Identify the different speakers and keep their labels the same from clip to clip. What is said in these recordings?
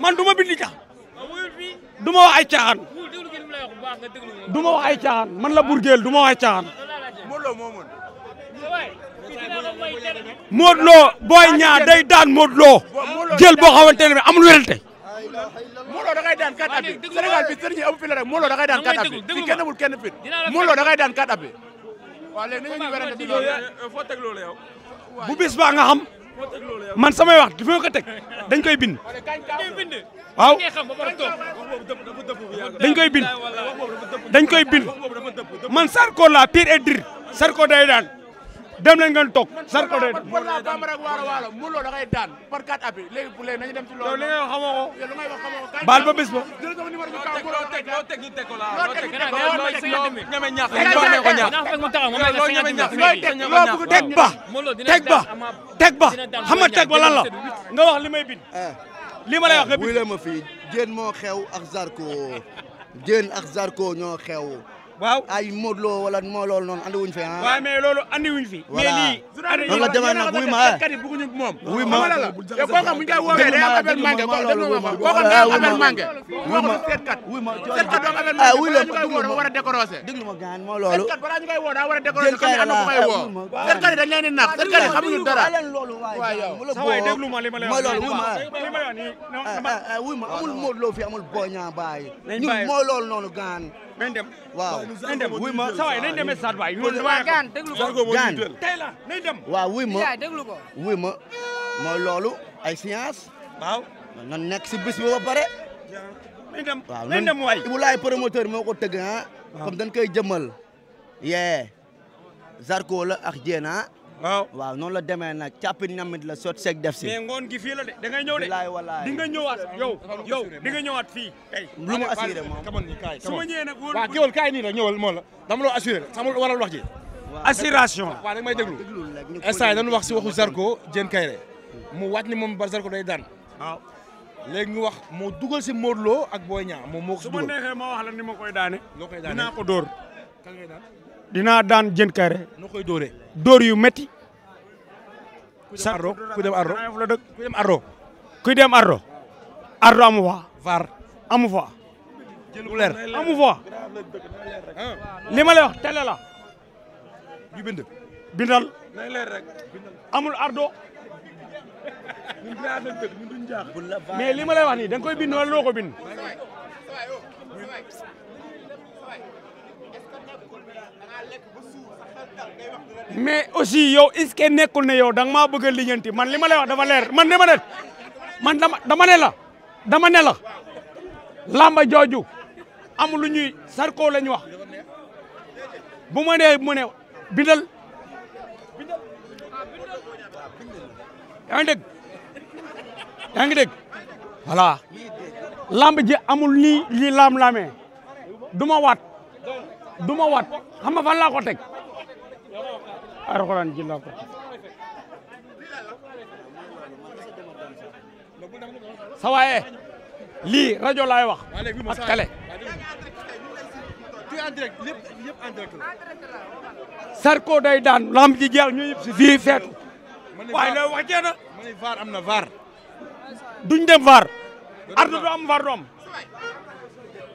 Speaker 1: man du ma bindi ca du ma wax ay caaxaan du ma wax ay caaxaan man la burgeel du ma wax ay caaxaan Modou loo Boy Niang day daan Modou Lo jël boo xamante ne bi amul wérante Modou Lo da ngay daan kat ab bi Sénégal bi sëriñ amu fi la rek Modou Lo da ngay daan kat ab bi fi kenn amul kenn fit da ngay daan kat ab bi waaw foo teg bu bis baa nga xam man samay wax dafa ko teg dañ koy bind. waaw dañ koy bind dañ koy bind man Sarko la pire et dire Sarko day daan. dem leen ngeen toog. Zarko de pour la bambara ak waalo da ngay daan par quatre appuis léegi pour léegi nañu dem ci loolu. li ngay wax xamoo ko. yow li ngay ko. baal ba bis ba. jërëjëf sama numéro bi kaw Modou Lo loo teg loo teg ñu teg ko laa loo teg loo ñeme ko loo ñeme ñaax. loo teg ba teg ba teg xam nga teg ba lan la
Speaker 2: nga wax li may bind. li ma lay wax nga bind. wuy la ma fii Diène moo xew ak Zarko Diène ak Zarko ñoo xew waaw ay Modou Lo wala moo loolu noonu andi wuñ fi ah. waaw mais loolu andi wuñ fi. voilà loolu la demee nag wuy ma ah
Speaker 1: wuy ma ah. yow koo xam bu ñu koy woowee day am appel manqué koo xam day am appel manqué. wuy ma wuy ma seetkat doo am appel manqué balaa ñu koy woo dafa war a décorosé. dégg nga gaan moo loolu. seetkat balaa ñu koy woo daa war a décorosé comme ni am na ku may woo. seetkat yi dañ leen di nax seetkat yi xamuñu dara.
Speaker 2: waaw yow sa waay déglu ma li ma lay wax mooy loolu wuy ma ah. wuy ma amul Modou Lo fi amul Boña Baye. ñun moo loolu noonu gaan nañ waaw nañ dem wuy ma dem waaw wuy ma déglu mooy loolu ay science waaw nan nekk si bis bi ba pare
Speaker 1: nañ waaw nañ dem waay
Speaker 2: moo ko tëgg ah comme dañ koy jëmmal yee Zarko la ak Diena ah. waaw waaw noonu la demee nag càppi namit la sot sek def si. mais
Speaker 1: ngoon gi fii la de da ngay ñëw de. walaay walaay di nga ñëwaat
Speaker 2: yow
Speaker 3: yow di nga ñëwaat fii. tey lu ma assuré moom su ma ñëwee nag. waaw kéwal kaay nii la ñëwal moo la dama loo assuré sama waral wax ji.
Speaker 2: assuration waaw
Speaker 3: da may déglu instant dañu wax si waxu Zarko Diène Kairé mu waat ni moom ba Zarko day daan. waaw léegi ñu wax moo dugal si Modou Lo ak Boy Niang moom moo ko si dugal su ma neexee ma wax la ni ma koy daane. noo koy daane dinaa ko dóor.
Speaker 1: dinaa daan Diène Kairé. noo koy dóoree. door yu metti sardo ku dem ardo ku dem ardo ardo ardo amu fa var amu fa bu fa li ma lay wax télé la yu bind bindal amul ardo mais li ma lay wax nii da koy bind wala loo ko bind mais aussi yow est-ce que nekkul ne yow da nga maa bëgg a man li ma lay wax dafa leer man ne ma man dama dama la dama ne la lamba jooju amul lu ñuy Zarko la ñu wax bu ma nee mu ne bindal yaa ngi dégg yaa ngi dégg voilà lamb ji amul ni lii laam-laamee du ma waat du ma waat xam nga fan laa teg arxuraan ji laa ko sa waaye lii rajo laay wax ak télé Zarko day daan lamb ji jeex ñu yëpp si fii feetu
Speaker 3: waaye looy wax jeex na vaar am na vaar
Speaker 1: duñ dem vaar ardo du am vaar du am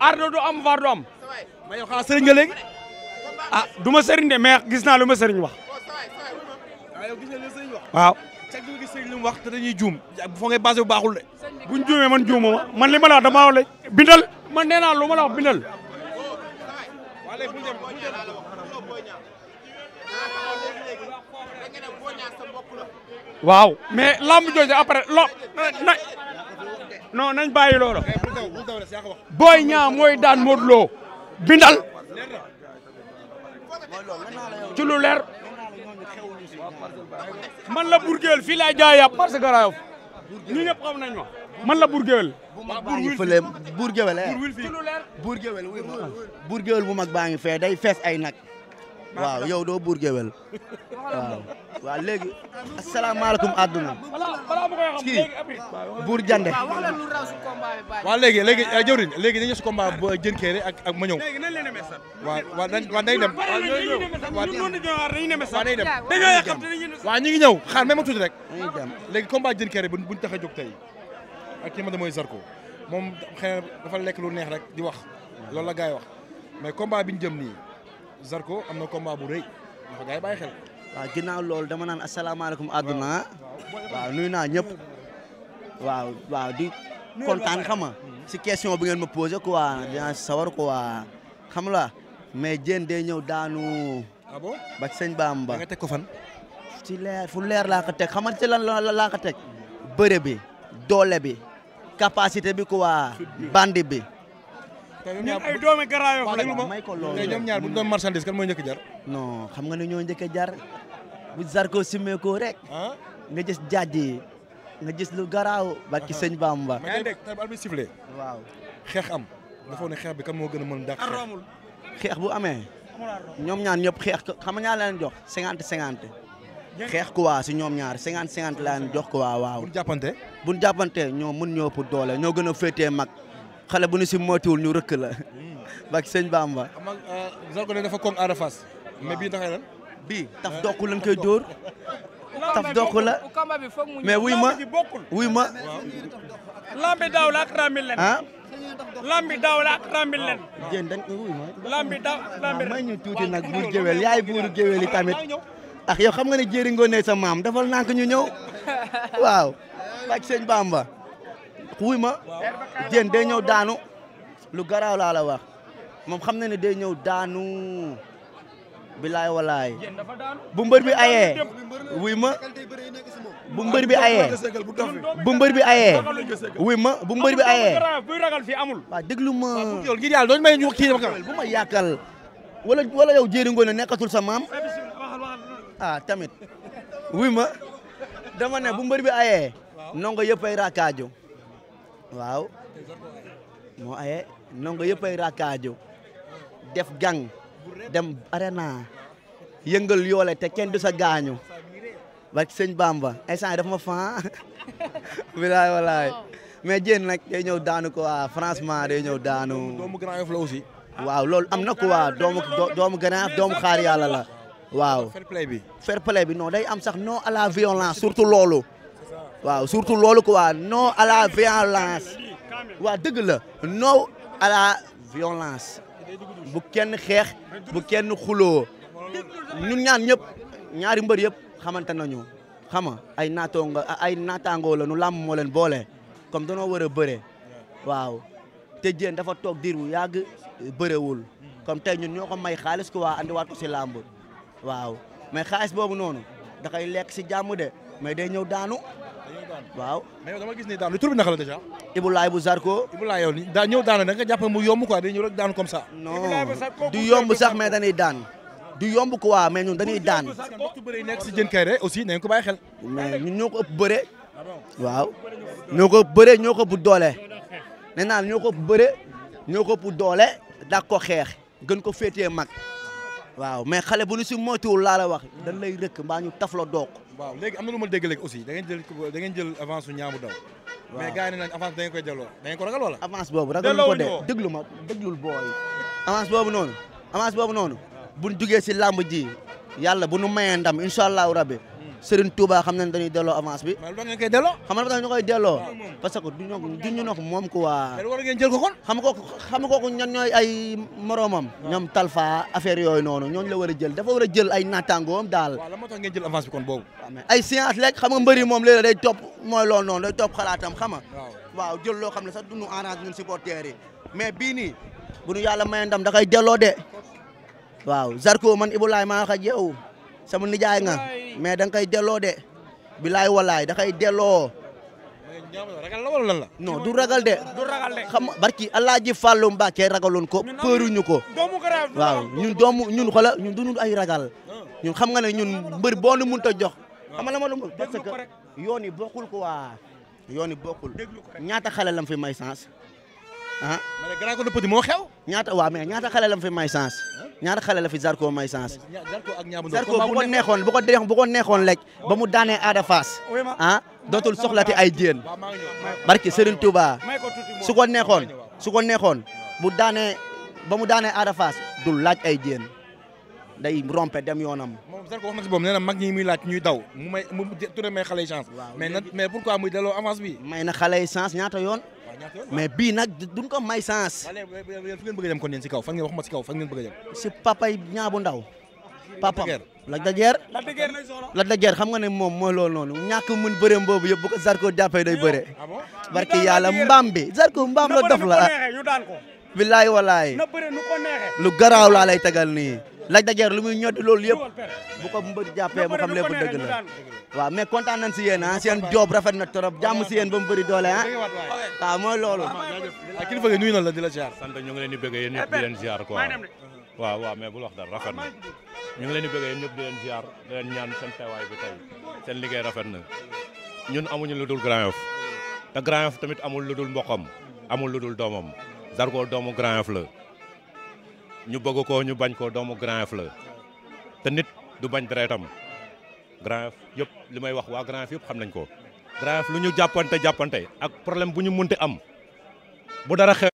Speaker 1: ardo du am vaar du am mais yow xanaa sëriñ nga léegi ah du ma sëriñ de mais gis naa lu ma sëriñ wax waaw. chaque jour gis sëñ li mu wax te dañuy juum foo ngay bu baaxul de. bu juumee man juumoo ma man li ma la bindal man nee naa lu ma la wax bindal. waaw mais lamb jooju après lo na non nañ bàyyi loola. Eh, Boy Niang mooy daan Modou Lo bindal ci man la Bourguel fii laay jaay yàpp parce que garaaw ñu ñëpp xam nañ ma man la Bourguel
Speaker 2: bu mag baa ngi fële Bourguel Bourguel Bourguel bu mag baa ngi fee day fees ay nag waaw yow doo buur géwél waaw waaw léegi asalaamaaleykum àdduna
Speaker 1: kii buur jande waa léegi léegi eh,
Speaker 3: jëwriñ léegi dañu su combat ba jën kéere ak ak ma ñëw waaw waaw dañ waaw dañ dem waaw ñu ngi ñëw xaar même ma tuuti rek léegi combat jën kéere buñ tax a jóg tey ak ki ma da mooy Zarko moom xëy na dafa lekk lu neex rek di wax loolu la gars wax mais combat bi ñu jëm
Speaker 2: Zarko am na combat bu rëy
Speaker 3: ndax gars yi bàyyi xel.
Speaker 2: waaw ginnaaw loolu dama naan asalaamaaleykum àdduna waaw nuyu naa ñëpp. waaw di kontaan xam nga si question bi ngeen ma posé quoi dinaa sawar quoi xam la mais jéen day ñëw daanu. ah bon ba sëñ Bamba. nga teg ko fan. leer fu leer laa ko teg xam nga ci lan laa ko teg. bëre bi doole bi capacité bi ñun ay doomi Grand bu doon marchandise kan mooy njëkk jar non xam nga ne ñoo njëkk jar bu Zarko simmee ko rek nga gis jaaji nga gis lu garaaw barki sëñ Bamba mais dégg xeex am dafa ne xeex bi kan moo gën a mën dàq xeex bu amee ñoom ñaar ñëpp xeex xam nga ñaar la jox cinquante cinquante xeex ku waa si ñoom ñaar cinquante cinquante la jox ku waa waaw bu jàppante ñoo mën ñoo ëpp doole ñoo gën a féetee mag xale bu ñu si moytuwul ñu rëkk la. Hmm. bak sëñ Bamba. xam nga
Speaker 3: euh, Zarko dafa koŋ Ada Fass. mais bii taxay lan. bii taf dokk lañ koy dóor.
Speaker 1: taf dokk la mais wuy ma wuy ma. lambi daaw la ak rambil leen. ah. lambi daaw la ak rambil leen. jën dañ ko wuy ma. lambi daaw ak
Speaker 2: rambil leen. may ñu tuuti nag buur géwél yaay buuru géwél yi tamit. ak yow xam nga ne jëriñoo ne sa maam dafal nank ñu ñëw waaw. bak sëñ Bamba. wuy ma
Speaker 3: jën day ñëw daanu
Speaker 2: lu garaaw laa la wax xam na ne day ñëw daanu bilaay walaay bu mbër bi wuy ma bu mbër bi ayee
Speaker 3: bu mbër bi ayee
Speaker 2: wuy ma bu mbër bi ayee waaw déglu ma bu ma yàkkal wala wala yow jëriñoo ne nekkatul sa maam ah tamit wuy ma dama ne bu mbër bi ayee nongo yëpp ay raakaajo waaw moo aye ndongo yëpp ay rakkaajo def gang dem arena yëngal yoole te kenn du sa gaañu barke sëñ Bamba instant def ma fan bilaay walaay mais jéen nag day ñëw daanu quoi franchement day ñëw daanu. doomu waaw loolu am na quoi doomu doomu Grand Yoff doomu xaar yàlla la waaw. fair play bi fair play am sax non à la violence surtout loolu. waaw surtout loolu quoi non à la violence waaw dëgg la non à la violence bu kenn xeex bu kenn xuloo ñun ñaan ñëpp ñaari mbër yëpp xamante nañu xama ay naataango ay naataangoo la nu làmb moo leen boole comme danoo war a bëre waaw te jéen dafa toog diir wu yàgg bërewul comme tey ñun ñoo ko may xaalis ko waa andiwaat ko si làmb waaw mais xaalis boobu noonu da koy lekk si jàmm de mais day ñëw daanu waaw mais yow dama gis ni daan lu tur bi naka la déjà. Ibulaay bu Zarko. Ibulaay i daa ñëw daan na nga jàpp mu yomb quoi day ñëw rek daan comme ça. non du yomb sax mais dañuy daan. du yomb quoi mais ñun dañuy daan. mbokku bëre yi nekk si Diène Kaïré aussi nañ ko bàyyi xel. mais ñun ñoo ko ëpp bëre. waaw ñoo ko bëre ñoo ko bu doole. nee naa ñoo ko bëre ñoo ko bu doole daa ko xeex gën ko féetee mag. waaw mais xale bu nu si moytuwul laa la wax dañ lay rëkk mbaa ñu taf la doog waaw léegi am na lu ma dégg léegi aussi da ngeen jël da ngeen jël avance su ñaamu daw.
Speaker 3: waaw mais gars avance da ngeen koy delloo
Speaker 2: ko ragal wala. avance boobu ragal ko de déglu ma déglul booy. avance boobu noonu avance boobu noonu. buñ jugee si làmb ji yalla bu nu mayee ndam incha allahu Serigne Touba xam nañ dañuy delloo avance bi. waaw loolu ngeen koy delloo. xam nga dañu koy ko moom quoi. mais war ngeen jël ko kon. xam ko xam nga ko ñan ñooy ay moromam. ñoom talfa affaire yooyu noonu ñoo la war a jël dafa war a jël ay naataangoom daal. waaw lan
Speaker 3: moo
Speaker 2: ay science lekk xam nga moom léeg-léeg day topp mooy loolu noonu day topp xalaatam xam nga. waaw jël loo xam ne sax du ñu arrange ñun supporters yi mais bii nii bu ñu yàlla may ndam da koy delloo de waaw Zarko man Ibou Laye maa sama nijaay nga mais da koy delloo de bilaay wallaay da koy delloo. ragal la wala lan du ragal de. du ragal de xam barki Alaaji Fàllu Mbàkke ragaloon ko përuñu ko. waaw ñun doomu ñun xola ñun duñu ay ragal. Ah. ñun xam nga ne ñun mbër boo nu jox. Ah. xam nga la ma lu parce que yoon yi bokkul quoi. yoon yi bokkul ñaata xale lam fi may sens. ah ma ne grand ko petit moo xew ñaata waaw mais ñaata xale lam fi may chance ñaata xale la fi Zarko may chance
Speaker 3: Zarko bu ko neexoon
Speaker 2: bu ko neexoon bu ko neexoon lekk ba mu daanee aada faas ah dootul soxlati ay jéen barki Serigne Touba su ko neexoon su ko neexoon bu daanee ba mu daanee aada faas du laaj ay jéen day rompe dem yoonam. moom Zarko muy laaj ñuy daw
Speaker 3: mu may mu turé may xale yi chance mais
Speaker 2: mais pourquoi muy delloo avance bi may na xale yi chance ñaata yoon mais bii nag duñ ko may sens. waaw léegi fu ngeen bëgg a dem kon yéen si kaw fan ngeen wax ma si kaw a papay ñaa bu ndaw. papa Lac de Guiers Lac de xam nga ne moom mooy loolu noonu ñàkk mën bëreem boobu yëpp bu ko Zarko jàppee day bëre ah barki yàlla mbaam bi Zarko mbaam la dof la billaay walaay
Speaker 1: lu garaaw laa lay
Speaker 2: tegal nii Lac de lu muy ñoddi loolu yëpp bu ko mbër jàppee mu xam lépp dëgg la waaw mais kontaan nañ si yéen ah seen joob rafet na trop jàmm si yéen ba bëri doole ah waaw mooy loolu. ak
Speaker 3: ah, kilifa gi nuyu na la di la ziar. sant ñu ngi leen di bëgg yéen ñëpp eh, di leen ziar quoi waaw waaw mais bul wax dara rafet na ñu ngi leen di bëgg yéen ñëpp di leen ziar di leen ñaan seen teewaay bi tey
Speaker 1: seen liggéey rafet na ñun amuñu lu dul Grand Yoff te tamit amul lu dul mboqam amul lu dul doomam Zarko doomu Grand la ñu bëgg ko ñu bañ ko doomu Grand Yoff la te nit du bañ deretam Grand Yoff yëpp li may wax waa Grand Yoff yëpp xam nañ ko Grand Yoff lu ñu jàppante jàppante ak problème bu ñu munti am bu dara xew